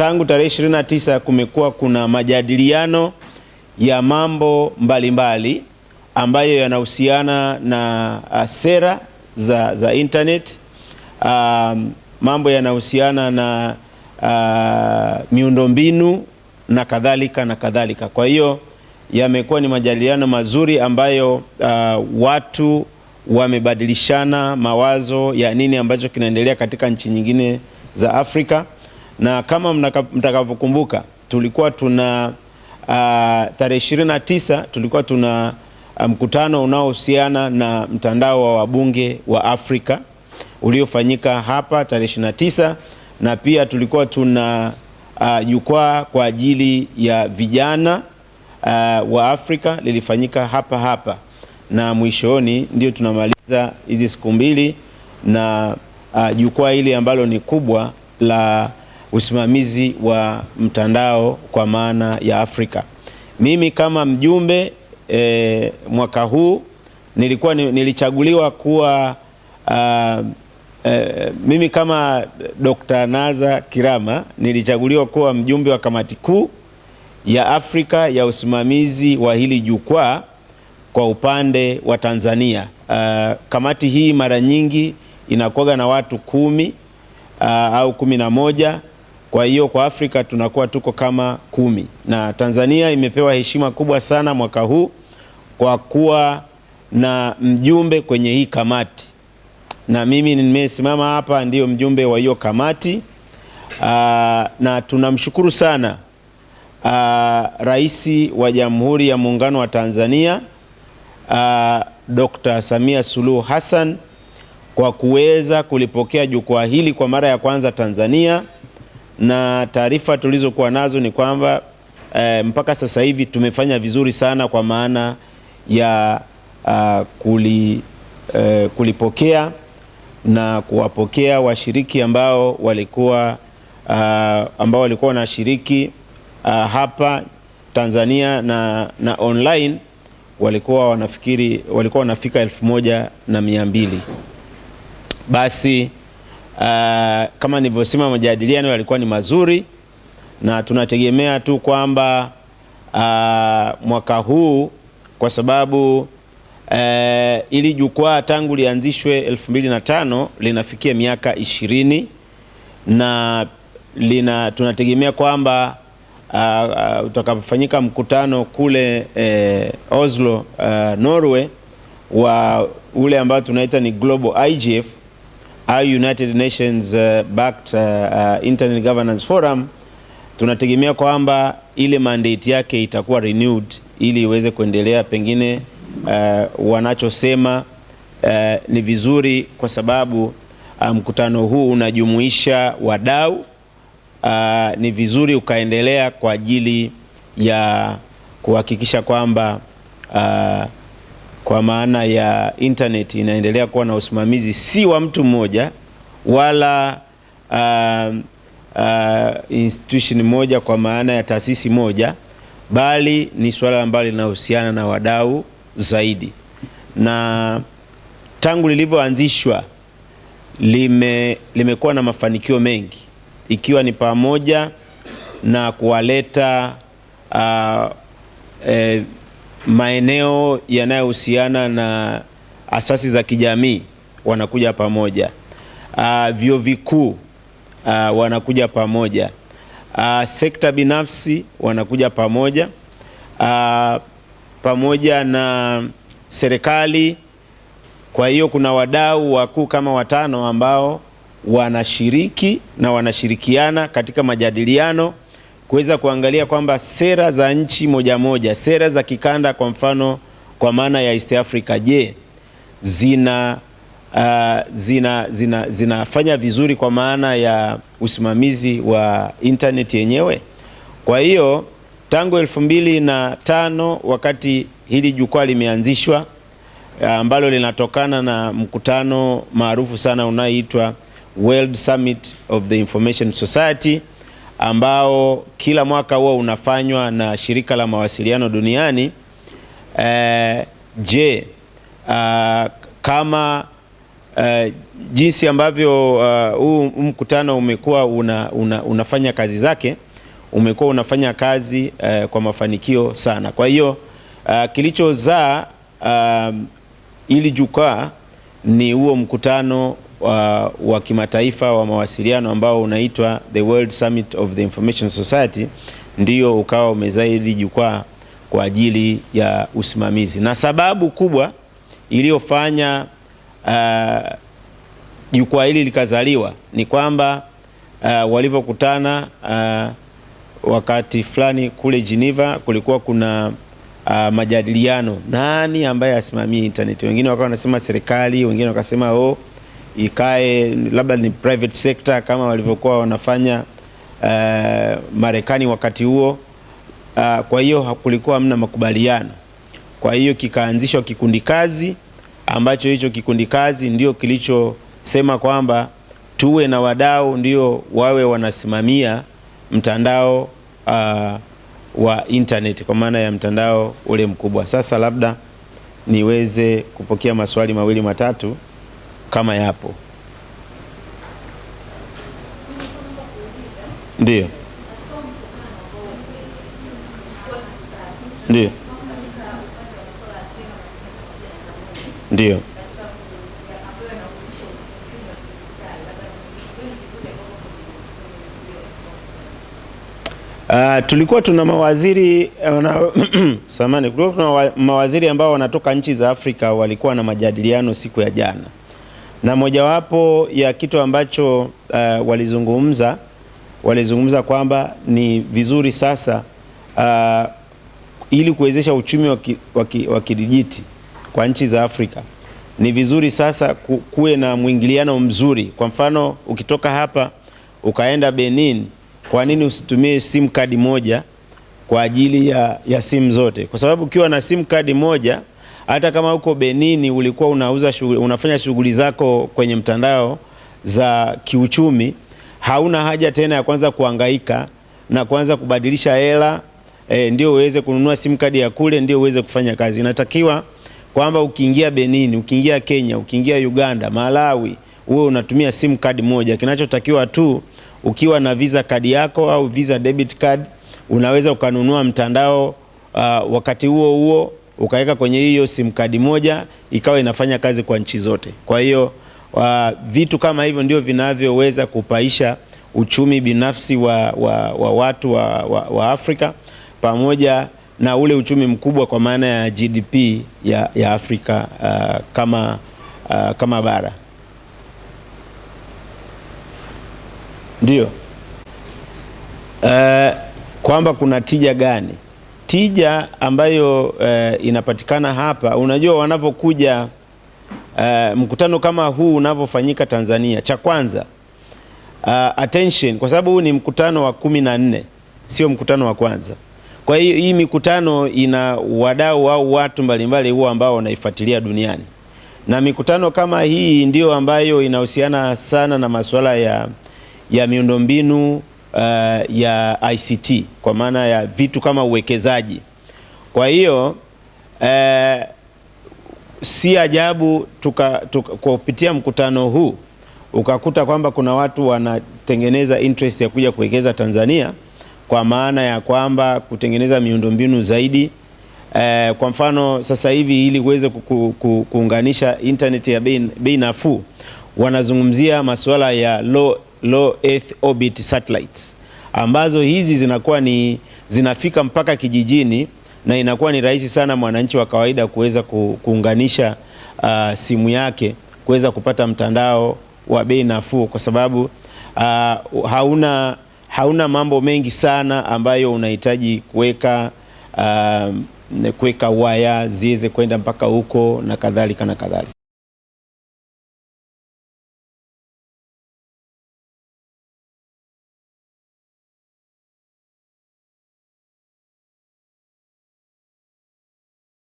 tangu tarehe 29 kumekuwa kuna majadiliano ya mambo mbalimbali mbali, ambayo yanahusiana na uh, sera za, za internet um, mambo yanahusiana na uh, miundombinu na kadhalika na kadhalika. Kwa hiyo yamekuwa ni majadiliano mazuri ambayo uh, watu wamebadilishana mawazo ya nini ambacho kinaendelea katika nchi nyingine za Afrika na kama mtakavyokumbuka tulikuwa tuna uh, tarehe ishirini na tisa tulikuwa tuna ah, mkutano um, unaohusiana na mtandao wa wabunge wa Afrika uliofanyika hapa tarehe 29 na pia tulikuwa tuna ah, jukwaa uh, kwa ajili ya vijana uh, wa Afrika lilifanyika hapa hapa, na mwishoni ndio tunamaliza hizi siku mbili na jukwaa uh, hili ambalo ni kubwa la usimamizi wa mtandao kwa maana ya Afrika. Mimi kama mjumbe e, mwaka huu nilikuwa nilichaguliwa kuwa uh, e, mimi kama Dr. Naza Kirama nilichaguliwa kuwa mjumbe wa kamati kuu ya Afrika ya usimamizi wa hili jukwaa kwa upande wa Tanzania. Uh, kamati hii mara nyingi inakuwa na watu kumi uh, au kumi na moja kwa hiyo kwa Afrika tunakuwa tuko kama kumi, na Tanzania imepewa heshima kubwa sana mwaka huu kwa kuwa na mjumbe kwenye hii kamati, na mimi nimesimama hapa ndiyo mjumbe wa hiyo kamati. Aa, ah, na tunamshukuru sana ah, Rais wa Jamhuri ya Muungano wa Tanzania aa, ah, Dr. Samia Suluhu Hassan kwa kuweza kulipokea jukwaa hili kwa mara ya kwanza Tanzania na taarifa tulizokuwa nazo ni kwamba e, mpaka sasa hivi tumefanya vizuri sana kwa maana ya a, ah, kuli, e, kulipokea na kuwapokea washiriki ambao walikuwa a, ah, ambao walikuwa wanashiriki ah, hapa Tanzania na, na online walikuwa wanafikiri walikuwa wanafika elfu moja na mia mbili basi Uh, kama nilivyosema majadiliano yalikuwa ni mazuri na tunategemea tu kwamba uh, mwaka huu kwa sababu uh, ili jukwaa tangu lianzishwe 2005 linafikia miaka ishirini na lina, tunategemea kwamba uh, uh, utakapofanyika mkutano kule uh, Oslo uh, Norway wa ule ambao tunaita ni Global IGF au United Nations uh, backed uh, uh, Internet Governance Forum, tunategemea kwamba ile mandate yake itakuwa renewed ili iweze kuendelea. Pengine uh, wanachosema uh, ni vizuri kwa sababu mkutano um, huu unajumuisha wadau uh, ni vizuri ukaendelea kwa ajili ya kuhakikisha kwamba uh, kwa maana ya internet inaendelea kuwa na usimamizi si wa mtu mmoja wala uh, uh, institution moja kwa maana ya taasisi moja, bali ni suala ambalo linahusiana na wadau zaidi, na tangu lilivyoanzishwa lime limekuwa na mafanikio mengi, ikiwa ni pamoja na kuwaleta uh, eh, maeneo yanayohusiana na asasi za kijamii wanakuja pamoja, ah, vyuo vikuu ah, wanakuja pamoja, ah, sekta binafsi wanakuja pamoja, pamoja na serikali. Kwa hiyo kuna wadau wakuu kama watano ambao wanashiriki na wanashirikiana katika majadiliano kuweza kuangalia kwamba sera za nchi moja moja, sera za kikanda, kwa mfano kwa maana ya East Africa, je, zina uh, zina zina zinafanya vizuri kwa maana ya usimamizi wa internet yenyewe. Kwa hiyo tangu elfu mbili na tano wakati hili jukwaa limeanzishwa ah, ambalo linatokana na mkutano maarufu sana unaoitwa World Summit of the Information Society ambao kila mwaka huwa unafanywa na shirika la mawasiliano duniani. E, je, a, ah, kama a, eh, jinsi ambavyo ah, huu uh, mkutano umekuwa una, una, unafanya kazi zake umekuwa unafanya kazi uh, kwa mafanikio sana. Kwa hiyo uh, kilichozaa uh, ili jukwaa ni huo mkutano wa, wa kimataifa wa mawasiliano ambao unaitwa the World Summit of the Information Society ndio ukawa umezaidi jukwaa kwa ajili ya usimamizi, na sababu kubwa iliyofanya uh, jukwaa uh, hili likazaliwa ni kwamba uh, walivyokutana uh, wakati fulani kule Geneva kulikuwa kuna Uh, majadiliano nani ambaye asimamie intaneti. Wengine wakawa wanasema serikali, wengine wakasema oh, ikae labda ni private sector kama walivyokuwa wanafanya uh, Marekani wakati huo uh, kwa hiyo hakulikuwa hamna makubaliano. Kwa hiyo kikaanzishwa kikundi kazi ambacho hicho kikundi kazi ndio kilichosema kwamba tuwe na wadau ndio wawe wanasimamia mtandao uh, wa internet kwa maana ya mtandao ule mkubwa. Sasa labda niweze kupokea maswali mawili matatu kama yapo, ndio ndio ndio Uh, tulikuwa tuna mawaziri eh, wana, samani, tulikuwa tuna mawaziri ambao wanatoka nchi za Afrika walikuwa na majadiliano siku ya jana na mojawapo ya kitu ambacho uh, walizungumza walizungumza kwamba ni vizuri sasa uh, ili kuwezesha uchumi wa kidijiti kwa nchi za Afrika ni vizuri sasa kuwe na mwingiliano mzuri. Kwa mfano, ukitoka hapa ukaenda Benin, kwa nini usitumie sim kadi moja kwa ajili ya, ya simu zote? Kwa sababu ukiwa na sim kadi moja hata kama uko Benini ulikuwa unauza shughuli, unafanya shughuli zako kwenye mtandao za kiuchumi, hauna haja tena ya kwanza kuangaika na kuanza kubadilisha hela e, ndio uweze kununua simu kadi ya kule ndio uweze kufanya kazi. Inatakiwa kwamba ukiingia Benini, ukiingia Kenya, ukiingia Uganda, Malawi, uwe unatumia simu kadi moja. Kinachotakiwa tu ukiwa na visa kadi yako au visa debit card, unaweza ukanunua mtandao uh, wakati huo huo ukaweka kwenye hiyo SIM kadi moja ikawa inafanya kazi kwa nchi zote. Kwa hiyo uh, vitu kama hivyo ndio vinavyoweza kupaisha uchumi binafsi wa, wa, wa watu wa, wa, wa Afrika pamoja na ule uchumi mkubwa kwa maana ya GDP ya, ya Afrika uh, kama, uh, kama bara ndio uh, kwamba kuna tija gani? tija ambayo e, inapatikana hapa. Unajua, wanavyokuja e, mkutano kama huu unavyofanyika Tanzania, cha kwanza uh, attention, kwa sababu huu ni mkutano wa kumi na nne, sio mkutano wa kwanza. Kwa hiyo hii mikutano ina wadau au watu mbalimbali huo ambao wanaifuatilia duniani, na mikutano kama hii ndiyo ambayo inahusiana sana na masuala ya, ya miundombinu uh, ya ICT kwa maana ya vitu kama uwekezaji. Kwa hiyo uh, si ajabu tuka, tuka, kwa kupitia mkutano huu ukakuta kwamba kuna watu wanatengeneza interest ya kuja kuwekeza Tanzania kwa maana ya kwamba kutengeneza miundombinu zaidi. Eh, kwa mfano sasa hivi ili uweze kuunganisha internet ya bei nafuu wanazungumzia masuala ya low low earth orbit satellites ambazo hizi zinakuwa ni zinafika mpaka kijijini na inakuwa ni rahisi sana mwananchi wa kawaida kuweza kuunganisha uh, simu yake kuweza kupata mtandao wa bei nafuu kwa sababu uh, hauna, hauna mambo mengi sana ambayo unahitaji kuweka uh, kuweka waya ziweze kwenda mpaka huko na kadhalika na kadhalika.